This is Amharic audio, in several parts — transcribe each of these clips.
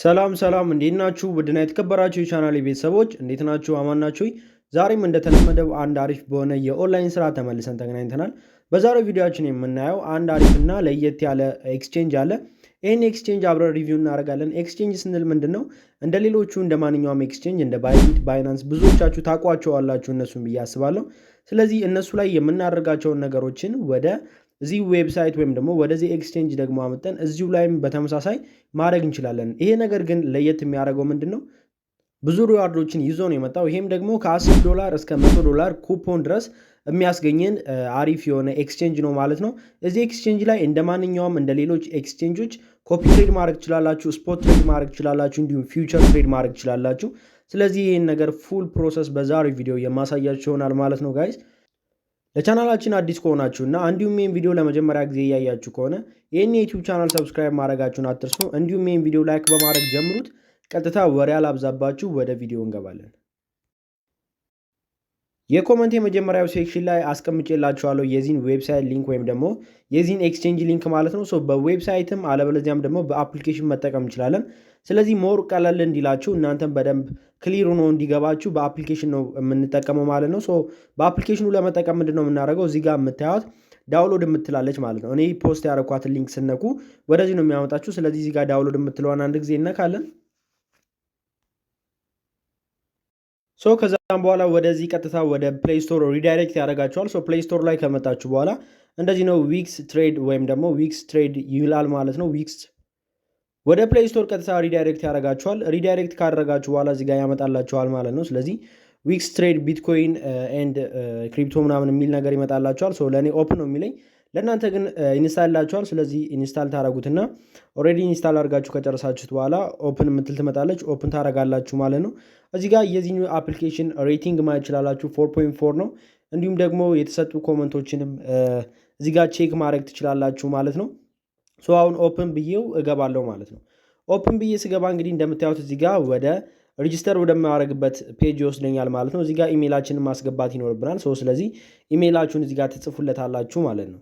ሰላም ሰላም እንዴት ናችሁ? ውድና የተከበራችሁ የቻናል ቤተሰቦች እንዴት ናችሁ? አማን ናችሁ? ዛሬም እንደተለመደው አንድ አሪፍ በሆነ የኦንላይን ስራ ተመልሰን ተገናኝተናል። በዛሬው ቪዲዮችን የምናየው አንድ አሪፍና ለየት ያለ ኤክስቼንጅ አለ። ይህን ኤክስቼንጅ አብረን ሪቪው እናደርጋለን። ኤክስቼንጅ ስንል ምንድን ነው? እንደ ሌሎቹ እንደ ማንኛውም ኤክስቼንጅ እንደ ባይቢት፣ ባይናንስ ብዙዎቻችሁ ታውቋቸዋላችሁ እነሱን ብዬ አስባለሁ። ስለዚህ እነሱ ላይ የምናደርጋቸውን ነገሮችን ወደ እዚህ ዌብሳይት ወይም ደግሞ ወደዚህ ኤክስቼንጅ ደግሞ አመጠን እዚሁ ላይም በተመሳሳይ ማድረግ እንችላለን። ይሄ ነገር ግን ለየት የሚያደርገው ምንድን ነው? ብዙ ሪዋርዶችን ይዞ ነው የመጣው። ይሄም ደግሞ ከ10 ዶላር እስከ 100 ዶላር ኩፖን ድረስ የሚያስገኝን አሪፍ የሆነ ኤክስቼንጅ ነው ማለት ነው። እዚህ ኤክስቼንጅ ላይ እንደ ማንኛውም እንደ ሌሎች ኤክስቼንጆች ኮፒ ትሬድ ማድረግ ትችላላችሁ፣ ስፖት ትሬድ ማድረግ ትችላላችሁ፣ እንዲሁም ፊውቸር ትሬድ ማድረግ ትችላላችሁ። ስለዚህ ይህን ነገር ፉል ፕሮሰስ በዛሪ ቪዲዮ የማሳያችሁ ይሆናል ማለት ነው ጋይስ ለቻናላችን አዲስ ከሆናችሁና እንዲሁም ይህን ቪዲዮ ለመጀመሪያ ጊዜ እያያችሁ ከሆነ ይህን የዩቲዩብ ቻናል ሰብስክራይብ ማድረጋችሁን አትርሱ። እንዲሁም ይህን ቪዲዮ ላይክ በማድረግ ጀምሩት። ቀጥታ ወሬ አላብዛባችሁ፣ ወደ ቪዲዮ እንገባለን። የኮመንት የመጀመሪያው ሴክሽን ላይ አስቀምጬላችኋለሁ የዚህን ዌብሳይት ሊንክ ወይም ደግሞ የዚህን ኤክስቼንጅ ሊንክ ማለት ነው። ሶ በዌብሳይትም አለበለዚያም ደግሞ በአፕሊኬሽን መጠቀም እንችላለን። ስለዚህ ሞር ቀለል እንዲላችሁ እናንተም በደንብ ክሊር ሆኖ እንዲገባችሁ በአፕሊኬሽን ነው የምንጠቀመው ማለት ነው። በአፕሊኬሽኑ ለመጠቀም ምንድን ነው የምናደርገው? እዚህ ጋር የምታዩት ዳውንሎድ የምትላለች ማለት ነው። እኔ ፖስት ያደረኳትን ሊንክ ስነኩ ወደዚህ ነው የሚያመጣችሁ። ስለዚህ እዚህ ጋር ዳውንሎድ የምትለዋን አንድ ጊዜ እነካለን። ሶ ከዛም በኋላ ወደዚህ ቀጥታ ወደ ፕሌይ ስቶር ሪዳይሬክት ያደርጋችኋል። ሶ ፕሌይ ስቶር ላይ ከመጣችሁ በኋላ እንደዚህ ነው ዊክስ ትሬድ ወይም ደግሞ ዊክስ ትሬድ ይላል ማለት ነው። ዊክስ ወደ ፕሌይ ስቶር ቀጥታ ሪዳይሬክት ያደርጋችኋል። ሪዳይሬክት ካደረጋችሁ በኋላ እዚህ ጋር ያመጣላችኋል ማለት ነው። ስለዚህ ዊክስ ትሬድ ቢትኮይን ኤንድ ክሪፕቶ ምናምን የሚል ነገር ይመጣላችኋል። ሶ ለእኔ ኦፕን ነው የሚለኝ ለእናንተ ግን ኢንስታል ላችኋል። ስለዚህ ኢንስታል ታረጉትና ኦልሬዲ ኢንስታል አድርጋችሁ ከጨረሳችሁት በኋላ ኦፕን የምትል ትመጣለች። ኦፕን ታረጋላችሁ ማለት ነው። እዚህ ጋር የዚህ አፕሊኬሽን ሬቲንግ ማየት ይችላላችሁ። ፎር ፖይንት ፎር ነው። እንዲሁም ደግሞ የተሰጡ ኮመንቶችንም እዚህ ጋር ቼክ ማድረግ ትችላላችሁ ማለት ነው። ሶ አሁን ኦፕን ብዬው እገባለሁ ማለት ነው። ኦፕን ብዬ ስገባ እንግዲህ እንደምታዩት እዚህ ጋር ወደ ሬጅስተር ወደማያደርግበት ፔጅ ይወስደኛል ማለት ነው። እዚህ ጋር ኢሜይላችንን ማስገባት ይኖርብናል። ሶ ስለዚህ ኢሜይላችሁን እዚህ ጋር ትጽፉለታላችሁ ማለት ነው።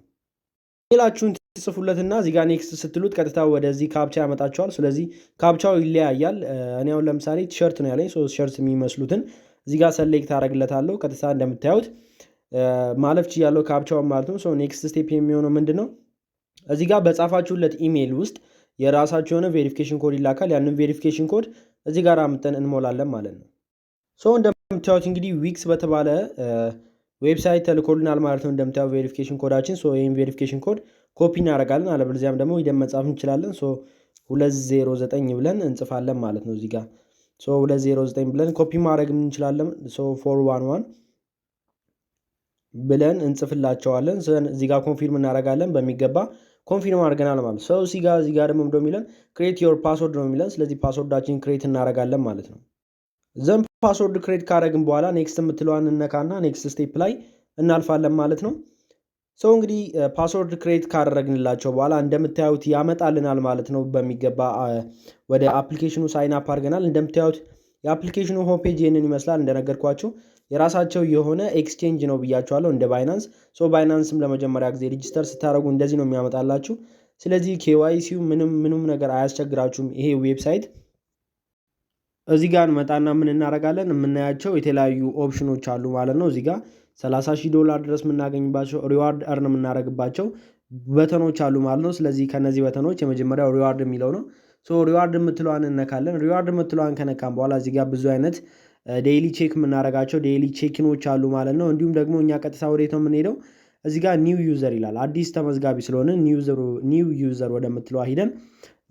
ኢሜላችሁን ትጽፉለትና እዚህ ጋር ኔክስት ስትሉት ቀጥታ ወደዚህ ካፕቻ ያመጣችኋል። ስለዚህ ካፕቻው ይለያያል። እኔ አሁን ለምሳሌ ቲሸርት ነው ያለኝ። ሶስት ሸርት የሚመስሉትን እዚህ ጋር ሰሌክት አደረግለታለሁ። ቀጥታ እንደምታዩት ማለፍ ችያለሁ ካፕቻውን ማለት ነው። ሶ ኔክስት ስቴፕ የሚሆነው ምንድን ነው? እዚህ ጋር በጻፋችሁለት ኢሜይል ውስጥ የራሳችሁ የሆነ ቬሪፊኬሽን ኮድ ይላካል። ያንን ቬሪፊኬሽን ኮድ እዚህ ጋር አምጠን እንሞላለን ማለት ነው። ሶ እንደምታዩት እንግዲህ ዊክስ በተባለ ዌብሳይት ተልኮልናል ማለት ነው። እንደምታየው ቬሪፊኬሽን ኮዳችን ሶ ይህም ቬሪፊኬሽን ኮድ ኮፒ እናደርጋለን። አለበለዚያም ደግሞ ሂደን መጻፍ እንችላለን። ሶ 209 ብለን እንጽፋለን ማለት ነው እዚህ ጋር ሶ 209 ብለን ኮፒ ማድረግ እንችላለን። ሶ 411 ብለን እንጽፍላቸዋለን። እዚህ ጋር ኮንፊርም እናደርጋለን በሚገባ ኮንፊርም አድርገናል ማለት ነው። ሰው እዚህ ጋር እዚህ ጋር ደግሞ ምንድነው ክሬት ዮር ፓስወርድ ነው የሚለን። ስለዚህ ፓስወርዳችን ክሬት እናደርጋለን ማለት ነው ፓስወርድ ክሬድ ካረግን በኋላ ኔክስት የምትለዋን እነካና ኔክስት ስቴፕ ላይ እናልፋለን ማለት ነው። ሰው እንግዲህ ፓስወርድ ክሬት ካደረግንላቸው በኋላ እንደምታዩት ያመጣልናል ማለት ነው። በሚገባ ወደ አፕሊኬሽኑ ሳይን አፕ አድርገናል። እንደምታዩት የአፕሊኬሽኑ ሆምፔጅ ይህንን ይመስላል። እንደነገርኳችሁ የራሳቸው የሆነ ኤክስቼንጅ ነው ብያችኋለሁ፣ እንደ ባይናንስ። ሶ ባይናንስም ለመጀመሪያ ጊዜ ሪጅስተር ስታደረጉ እንደዚህ ነው የሚያመጣላችሁ። ስለዚህ ኬዋይሲው ምንም ምንም ነገር አያስቸግራችሁም። ይሄ ዌብሳይት እዚህ ጋር እንመጣና ምን እናደርጋለን የምናያቸው የተለያዩ ኦፕሽኖች አሉ ማለት ነው። እዚህ ጋር 30 ሺህ ዶላር ድረስ የምናገኝባቸው ሪዋርድ እርን የምናደርግባቸው በተኖች አሉ ማለት ነው። ስለዚህ ከነዚህ በተኖች የመጀመሪያው ሪዋርድ የሚለው ነው። ሶ ሪዋርድ የምትለዋን እነካለን። ሪዋርድ የምትለዋን ከነካም በኋላ እዚህ ጋር ብዙ አይነት ዴይሊ ቼክ የምናደርጋቸው ዴይሊ ቼኪኖች አሉ ማለት ነው። እንዲሁም ደግሞ እኛ ቀጥታ ወዴት ነው የምንሄደው? እዚህ ጋር ኒው ዩዘር ይላል። አዲስ ተመዝጋቢ ስለሆነ ኒው ዩዘር ወደምትለዋ ሂደን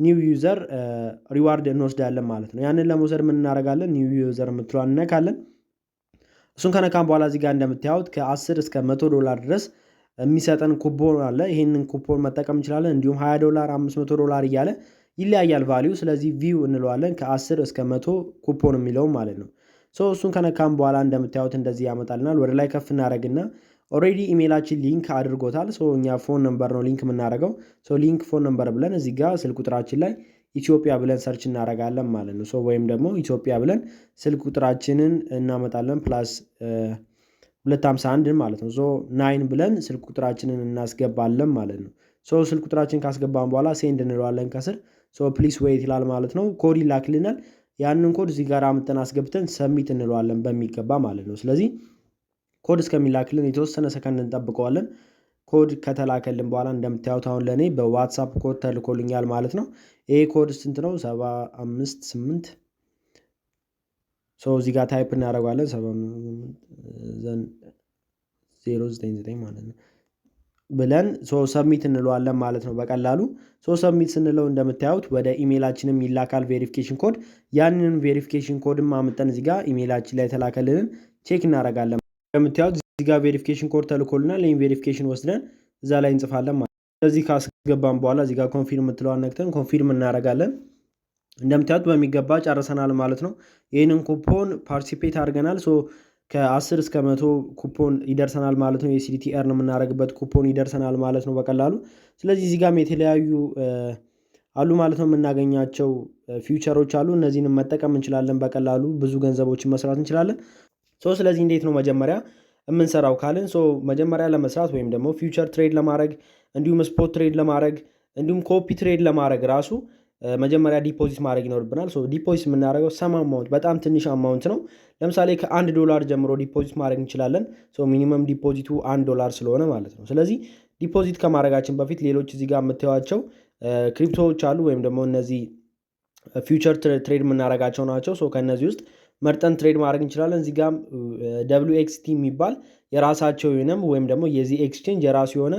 ኒው ዩዘር ሪዋርድ እንወስዳለን ማለት ነው። ያንን ለመውሰድ ምን እናደርጋለን? ኒው ዩዘር የምትለዋን እነካለን። እሱን ከነካም በኋላ እዚህ ጋር እንደምታዩት ከ10 እስከ 100 ዶላር ድረስ የሚሰጠን ኩፖን አለ። ይህንን ኩፖን መጠቀም እንችላለን። እንዲሁም 20 ዶላር፣ 500 ዶላር እያለ ይለያያል ቫሊዩ። ስለዚህ ቪው እንለዋለን። ከ10 እስከ 100 ኩፖን የሚለውም ማለት ነው። እሱን ከነካም በኋላ እንደምታዩት እንደዚህ ያመጣልናል። ወደ ላይ ከፍ እናደረግና ኦልሬዲ ኢሜይላችን ሊንክ አድርጎታል። ሶ እኛ ፎን ነምበር ነው ሊንክ የምናደርገው። ሶ ሊንክ ፎን ነምበር ብለን እዚህ ጋር ስልክ ቁጥራችን ላይ ኢትዮጵያ ብለን ሰርች እናደርጋለን ማለት ነው። ሶ ወይም ደግሞ ኢትዮጵያ ብለን ስልክ ቁጥራችንን እናመጣለን ፕላስ 251 ማለት ነው። ሶ ናይን ብለን ስልክ ቁጥራችንን እናስገባለን ማለት ነው። ሶ ስልክ ቁጥራችን ካስገባን በኋላ ሴንድ እንለዋለን ከስር። ሶ ፕሊስ ዌይት ይላል ማለት ነው። ኮድ ይላክልናል። ያንን ኮድ እዚህ ጋር አምጠን አስገብተን ሰሚት እንለዋለን በሚገባ ማለት ነው። ስለዚህ ኮድ እስከሚላክልን የተወሰነ ሰከንድ እንጠብቀዋለን። ኮድ ከተላከልን በኋላ እንደምታዩት አሁን ለእኔ በዋትሳፕ ኮድ ተልኮልኛል ማለት ነው። ይሄ ኮድ ስንት ነው? ሰባ አምስት ስምንት ሰው እዚህ ጋር ታይፕ እናደርገዋለን ዜሮ ዘጠኝ ዘጠኝ ማለት ነው ብለን ሶ ሰብሚት እንለዋለን ማለት ነው በቀላሉ ሶ ሰብሚት ስንለው እንደምታዩት ወደ ኢሜይላችንም ይላካል ቬሪፊኬሽን ኮድ ያንን ቬሪፊኬሽን ኮድም አምጠን እዚህ ጋር ኢሜይላችን ላይ የተላከልንን ቼክ እናደርጋለን እንደምታዩት እዚህ ጋር ቬሪፊኬሽን ኮድ ተልኮልናል። ይህን ቬሪፊኬሽን ወስደን እዛ ላይ እንጽፋለን ማለት ነው። ስለዚህ ካስገባን በኋላ እዚህ ጋር ኮንፊርም የምትለዋን ነክተን ኮንፊርም እናደርጋለን። እንደምታዩት በሚገባ ጨርሰናል ማለት ነው። ይህንን ኩፖን ፓርቲሲፔት አድርገናል። ሶ ከ10 እስከ መቶ ኩፖን ይደርሰናል ማለት ነው። የሲዲቲ ኤርን የምናደርግበት ኩፖን ይደርሰናል ማለት ነው በቀላሉ። ስለዚህ እዚህ ጋም የተለያዩ አሉ ማለት ነው የምናገኛቸው ፊውቸሮች አሉ። እነዚህንም መጠቀም እንችላለን በቀላሉ ብዙ ገንዘቦችን መስራት እንችላለን። ሶ ስለዚህ እንዴት ነው መጀመሪያ የምንሰራው ካልን ሶ መጀመሪያ ለመስራት ወይም ደግሞ ፊውቸር ትሬድ ለማድረግ እንዲሁም ስፖት ትሬድ ለማድረግ እንዲሁም ኮፒ ትሬድ ለማድረግ ራሱ መጀመሪያ ዲፖዚት ማድረግ ይኖርብናል። ዲፖዚት የምናደርገው ሰም አማውንት በጣም ትንሽ አማውንት ነው። ለምሳሌ ከአንድ ዶላር ጀምሮ ዲፖዚት ማድረግ እንችላለን። ሚኒመም ዲፖዚቱ አንድ ዶላር ስለሆነ ማለት ነው። ስለዚህ ዲፖዚት ከማድረጋችን በፊት ሌሎች እዚህ ጋር የምታዩቸው ክሪፕቶዎች አሉ ወይም ደግሞ እነዚህ ፊውቸር ትሬድ የምናደርጋቸው ናቸው። ከእነዚህ ውስጥ መርጠን ትሬድ ማድረግ እንችላለን። እዚህ ጋም ኤክስቲ የሚባል የራሳቸው የሆነም ወይም ደግሞ የዚህ ኤክስቼንጅ የራሱ የሆነ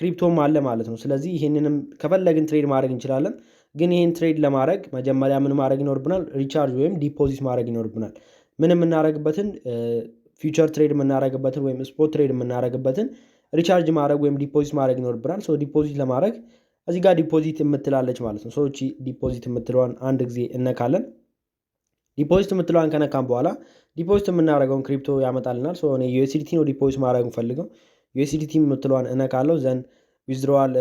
ክሪፕቶም አለ ማለት ነው። ስለዚህ ይህንንም ከፈለግን ትሬድ ማድረግ እንችላለን። ግን ይህን ትሬድ ለማድረግ መጀመሪያ ምን ማድረግ ይኖርብናል? ሪቻርጅ ወይም ዲፖዚት ማድረግ ይኖርብናል። ምን የምናደረግበትን ፊውቸር ትሬድ የምናደረግበትን ወይም ስፖርት ትሬድ የምናደረግበትን ሪቻርጅ ማድረግ ወይም ዲፖዚት ማድረግ ይኖርብናል። ሶ ዲፖዚት ለማድረግ እዚህ ጋር ዲፖዚት የምትላለች ማለት ነው። ሰዎች ዲፖዚት የምትለዋን አንድ ጊዜ እነካለን። ዲፖዚት የምትለዋን ከነካም በኋላ ዲፖዚት የምናደርገውን ክሪፕቶ ያመጣልናል። ዩኤስዲቲ ነው ዲፖዚት ማድረግ ፈልገው ዩኤስዲቲ የምትለዋን እነካለው ዘን ዊዝድሮዋል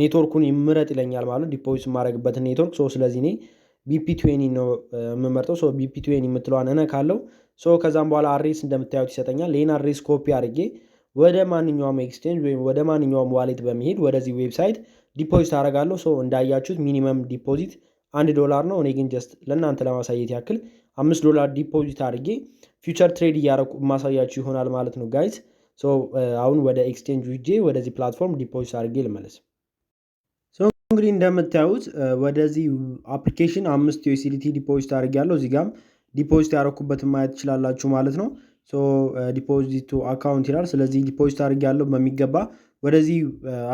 ኔትወርኩን ይምረጥ ይለኛል ማለት ዲፖዚት የማደርግበትን ኔትወርክ። ስለዚህ እኔ ቢፒ ቱዌኒ ነው የምመርጠው። ቢፒ ቱዌኒ የምትለዋን እነካለው። ከዛም በኋላ አድሬስ እንደምታዩት ይሰጠኛል። ይህን አድሬስ ኮፒ አድርጌ ወደ ማንኛውም ኤክስቼንጅ ወይም ወደ ማንኛውም ዋሌት በመሄድ ወደዚህ ዌብሳይት ዲፖዚት አደርጋለሁ። እንዳያችሁት ሚኒመም ዲፖዚት አንድ ዶላር ነው። እኔ ግን ጀስት ለእናንተ ለማሳየት ያክል አምስት ዶላር ዲፖዚት አድርጌ ፊውቸር ትሬድ እያረኩ ማሳያችሁ ይሆናል ማለት ነው ጋይዝ። ሶ uh, አሁን ወደ ኤክስቼንጅ ውጄ ወደዚህ ፕላትፎርም ዲፖዚት አድርጌ ልመለስ። እንግዲህ እንደምታዩት uh, ወደዚህ አፕሊኬሽን አምስት ዩኤስዲቲ ዲፖዚት አድርጌያለሁ። እዚህ ጋም ዲፖዚት ያረኩበትን ማየት ትችላላችሁ ማለት ነው። ሶ ዲፖዚቱ አካውንት ይላል። ስለዚህ ዲፖዚት አድርጌያለሁ በሚገባ ወደዚህ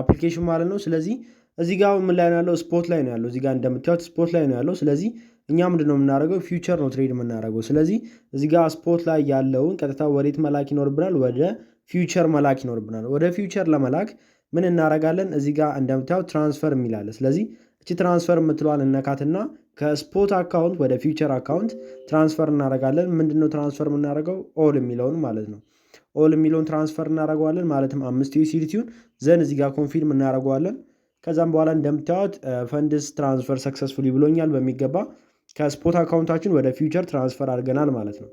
አፕሊኬሽን uh, ማለት ነው። ስለዚህ እዚህ ጋ ምን ላይ ነው ያለው? ስፖት ላይ ነው ያለው። እዚህ ጋር እንደምታዩት ስፖት ላይ ነው ያለው። ስለዚህ እኛ ምንድን ነው የምናደርገው? ፊውቸር ነው ትሬድ የምናደርገው። ስለዚህ እዚህ ጋ ስፖት ላይ ያለውን ቀጥታ ወዴት መላክ ይኖርብናል? ወደ ፊውቸር መላክ ይኖርብናል። ወደ ፊውቸር ለመላክ ምን እናደርጋለን? እዚህ ጋ እንደምታዩት ትራንስፈር የሚላለ። ስለዚህ እቺ ትራንስፈር የምትለዋን እነካትና ከስፖት አካውንት ወደ ፊውቸር አካውንት ትራንስፈር እናደርጋለን። ምንድነው ትራንስፈር የምናደርገው? ኦል የሚለውን ማለት ነው። ኦል የሚለውን ትራንስፈር እናደርገዋለን። ማለትም አምስት ዩሲዲቲውን ዘን እዚህ ጋር ኮንፊርም እናደርገዋለን። ከዛም በኋላ እንደምታዩት ፈንድስ ትራንስፈር ሰክሰስፉሊ ብሎኛል። በሚገባ ከስፖት አካውንታችን ወደ ፊውቸር ትራንስፈር አድርገናል ማለት ነው።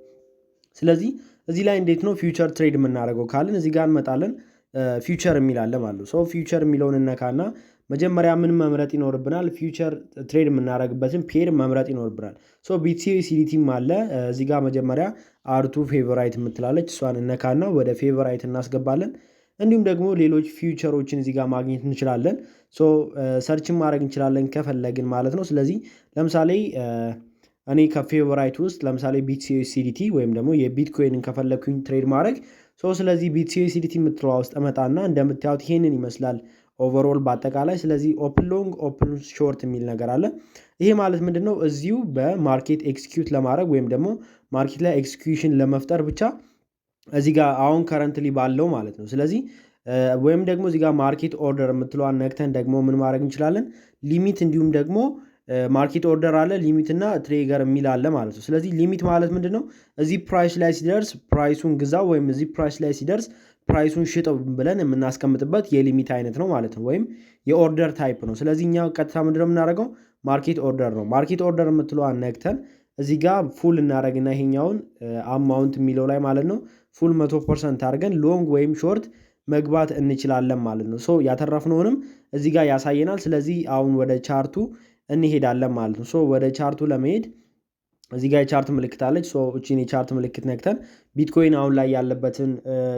ስለዚህ እዚህ ላይ እንዴት ነው ፊውቸር ትሬድ የምናደርገው ካልን እዚህ ጋር እንመጣለን። ፊውቸር የሚላለ ማለ ሰው ፊውቸር የሚለውን እነካና መጀመሪያ ምን መምረጥ ይኖርብናል? ፊውቸር ትሬድ የምናደርግበትን ፔር መምረጥ ይኖርብናል። ሶ ቢቲሲ ሲዲቲም አለ እዚህ ጋር መጀመሪያ አርቱ ፌቨራይት የምትላለች እሷን እነካና ወደ ፌቨራይት እናስገባለን። እንዲሁም ደግሞ ሌሎች ፊውቸሮችን እዚህ ጋር ማግኘት እንችላለን። ሶ ሰርችን ማድረግ እንችላለን ከፈለግን ማለት ነው። ስለዚህ ለምሳሌ እኔ ከፌቨራይት ውስጥ ለምሳሌ ቢትሲዩኤስዲቲ ወይም ደግሞ የቢትኮይንን ከፈለግኩኝ ትሬድ ማድረግ ሶ ስለዚህ ቢትሲዩኤስዲቲ የምትለዋ ውስጥ እመጣና እንደምታዩት ይሄንን ይመስላል ኦቨርኦል በአጠቃላይ ስለዚህ ኦፕን ሎንግ ኦፕን ሾርት የሚል ነገር አለ። ይሄ ማለት ምንድን ነው? እዚሁ በማርኬት ኤክስኪዩት ለማድረግ ወይም ደግሞ ማርኬት ላይ ኤክስኪዩሽን ለመፍጠር ብቻ እዚህ ጋ አሁን ከረንትሊ ባለው ማለት ነው። ስለዚህ ወይም ደግሞ እዚህ ጋ ማርኬት ኦርደር የምትለዋን ነክተን ደግሞ ምን ማድረግ እንችላለን? ሊሚት እንዲሁም ደግሞ ማርኬት ኦርደር አለ ሊሚት እና ትሬገር የሚል አለ ማለት ነው። ስለዚህ ሊሚት ማለት ምንድን ነው? እዚህ ፕራይስ ላይ ሲደርስ ፕራይሱን ግዛ ወይም እዚህ ፕራይስ ላይ ሲደርስ ፕራይሱን ሽጠው ብለን የምናስቀምጥበት የሊሚት አይነት ነው ማለት ነው፣ ወይም የኦርደር ታይፕ ነው። ስለዚህ እኛ ቀጥታ ምንድነው ነው የምናደርገው? ማርኬት ኦርደር ነው። ማርኬት ኦርደር የምትለዋን ነግተን እዚህ ጋር ፉል እናደረግና ይሄኛውን አማውንት የሚለው ላይ ማለት ነው ፉል መቶ ፐርሰንት አድርገን ሎንግ ወይም ሾርት መግባት እንችላለን ማለት ነው። ሶ ያተረፍነውንም እዚህ ጋር ያሳየናል። ስለዚህ አሁን ወደ ቻርቱ እንሄዳለን ማለት ነው። ሶ ወደ ቻርቱ ለመሄድ እዚህ ጋር የቻርት ምልክት አለች። ሶ እቺን የቻርት ምልክት ነክተን ቢትኮይን አሁን ላይ ያለበትን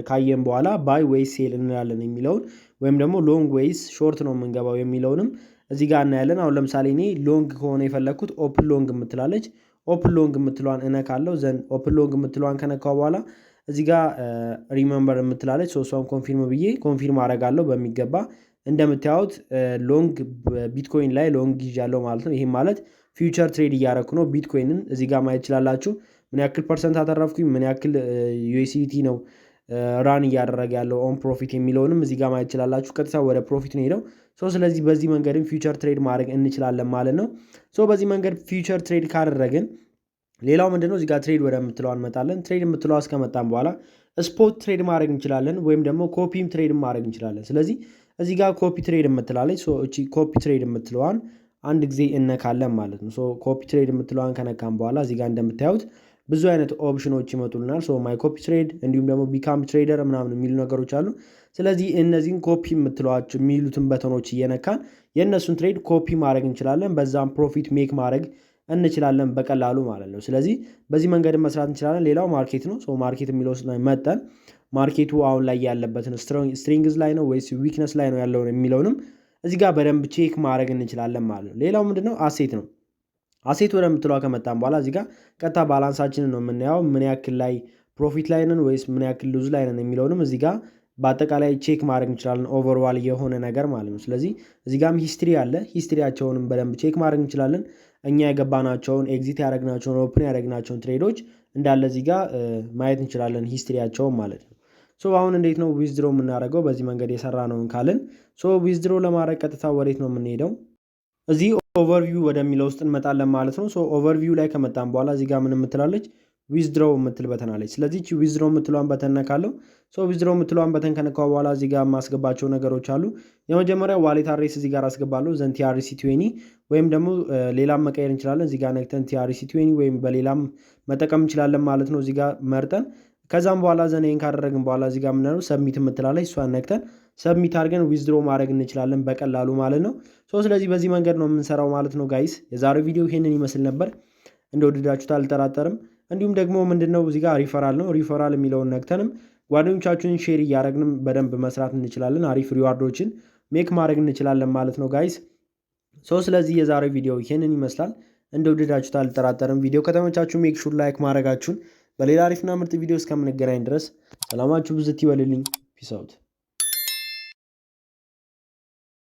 ካየን በኋላ ባይ ወይስ ሴል እንላለን የሚለውን ወይም ደግሞ ሎንግ ወይስ ሾርት ነው የምንገባው የሚለውንም እዚህ ጋር እናያለን። አሁን ለምሳሌ እኔ ሎንግ ከሆነ የፈለግኩት ኦፕን ሎንግ የምትላለች ኦፕን ሎንግ የምትለዋን እነካለው ዘን ኦፕን ሎንግ የምትለዋን ከነካው በኋላ እዚ ጋ ሪመምበር የምትላለች ሶስቷን ኮንፊርም ብዬ ኮንፊርም አደርጋለሁ በሚገባ እንደምታዩት ሎንግ ቢትኮይን ላይ ሎንግ ይዣለው ማለት ነው። ይህም ማለት ፊውቸር ትሬድ እያረኩ ነው። ቢትኮይንን እዚጋ ማየት ይችላላችሁ። ምን ያክል ፐርሰንት አተረፍኩኝ፣ ምን ያክል ዩኤስቲ ነው ራን እያደረገ ያለው ኦን ፕሮፊት የሚለውንም እዚህ ጋር ማየት ይችላላችሁ። ቀጥታ ወደ ፕሮፊት ነው ሄደው ሶ ስለዚህ በዚህ መንገድም ፊውቸር ትሬድ ማድረግ እንችላለን ማለት ነው። ሶ በዚህ መንገድ ፊውቸር ትሬድ ካደረግን ሌላው ምንድነው እዚህ ጋር ትሬድ ምትለው እንመጣለን። ትሬድ የምትለው እስከመጣን በኋላ ስፖት ትሬድ ማድረግ እንችላለን፣ ወይም ደግሞ ኮፒም ትሬድ ማድረግ እንችላለን። ስለዚህ እዚህ ጋር ኮፒ ትሬድ የምትላለች እቺ ኮፒ ትሬድ የምትለዋን አንድ ጊዜ እነካለን ማለት ነው። ኮፒ ትሬድ የምትለዋን ከነካን በኋላ እዚህ ጋር እንደምታዩት ብዙ አይነት ኦፕሽኖች ይመጡልናል። ሶ ማይ ኮፒ ትሬድ እንዲሁም ደግሞ ቢካም ትሬደር ምናምን የሚሉ ነገሮች አሉ። ስለዚህ እነዚህን ኮፒ የምትለዋቸው የሚሉትን በተኖች እየነካን የእነሱን ትሬድ ኮፒ ማድረግ እንችላለን። በዛም ፕሮፊት ሜክ ማድረግ እንችላለን በቀላሉ ማለት ነው። ስለዚህ በዚህ መንገድ መስራት እንችላለን። ሌላው ማርኬት ነው። ሶ ማርኬት የሚለው መጠን ማርኬቱ አሁን ላይ ያለበትን ስትሪንግዝ ላይ ነው ወይስ ዊክነስ ላይ ነው ያለውን የሚለውንም እዚህ ጋር በደንብ ቼክ ማድረግ እንችላለን ማለት ነው። ሌላው ምንድነው አሴት ነው። አሴት ምትለዋ ከመጣን በኋላ እዚጋ ቀጥታ ባላንሳችንን ነው የምናየው። ምን ያክል ላይ ፕሮፊት ላይ ነን ወይስ ምን ያክል ልዙ ላይ ነን የሚለውንም እዚጋ በአጠቃላይ ቼክ ማድረግ እንችላለን። ኦቨርዋል የሆነ ነገር ማለት ነው። ስለዚህ እዚጋም ሂስትሪ አለ። ሂስትሪያቸውንም በደንብ ቼክ ማድረግ እንችላለን። እኛ የገባናቸውን ኤግዚት ያደረግናቸውን ኦፕን ያደረግናቸውን ትሬዶች እንዳለ እዚጋ ማየት እንችላለን ሂስትሪያቸውን ማለት ነው። ሶ አሁን እንዴት ነው ዊዝድሮ የምናደርገው? በዚህ መንገድ የሰራ ነውን ካልን ሶ ዊዝድሮ ለማድረግ ቀጥታ ወዴት ነው የምንሄደው? እዚህ ኦቨርቪው ወደሚለው ውስጥ እንመጣለን ማለት ነው። ኦቨርቪው ላይ ከመጣን በኋላ እዚህ ጋር ምን የምትላለች ዊዝድሮው የምትል በተን አለች። ስለዚህ ዊዝድሮ የምትሏን በተን ነካለሁ። ሶ ዊዝድሮ በተን ከነካ በኋላ እዚህ ጋር የማስገባቸው ነገሮች አሉ። የመጀመሪያው ዋሌት አድሬስ እዚህ ጋር አስገባለሁ። ዘን ቲአርሲ ትዌኒ ወይም ደግሞ ሌላም መቀየር እንችላለን። እዚህ ጋር ነክተን ቲአርሲ ትዌኒ ወይም በሌላም መጠቀም እንችላለን ማለት ነው። እዚህ ጋር መርጠን ከዛም በኋላ ዘን ካደረግን በኋላ እዚህ ጋር የምንለው ሰብሚት የምትላለች እሷን ነክተን ሰብሚት አድርገን ዊዝድሮ ማድረግ እንችላለን በቀላሉ ማለት ነው። ስለዚህ በዚህ መንገድ ነው የምንሰራው ማለት ነው ጋይስ። የዛሬው ቪዲዮ ይሄንን ይመስል ነበር። እንደወደዳችሁት አልጠራጠርም። እንዲሁም ደግሞ ምንድነው እዚህ ጋር ሪፈራል ነው። ሪፈራል የሚለውን ነግተንም ጓደኞቻችሁን ሼር እያደረግንም በደንብ መስራት እንችላለን። አሪፍ ሪዋርዶችን ሜክ ማድረግ እንችላለን ማለት ነው ጋይስ። ሶ ስለዚህ የዛሬው ቪዲዮ ይሄንን ይመስላል። እንደወደዳችሁት አልጠራጠርም። ቪዲዮ ከተመቻችሁ ሜክ ሹር ላይክ ማድረጋችሁን በሌላ አሪፍና ምርጥ ቪዲዮ እስከምንገናኝ ድረስ ሰላማችሁ ብዝት ይበልልኝ። ፒስ አውት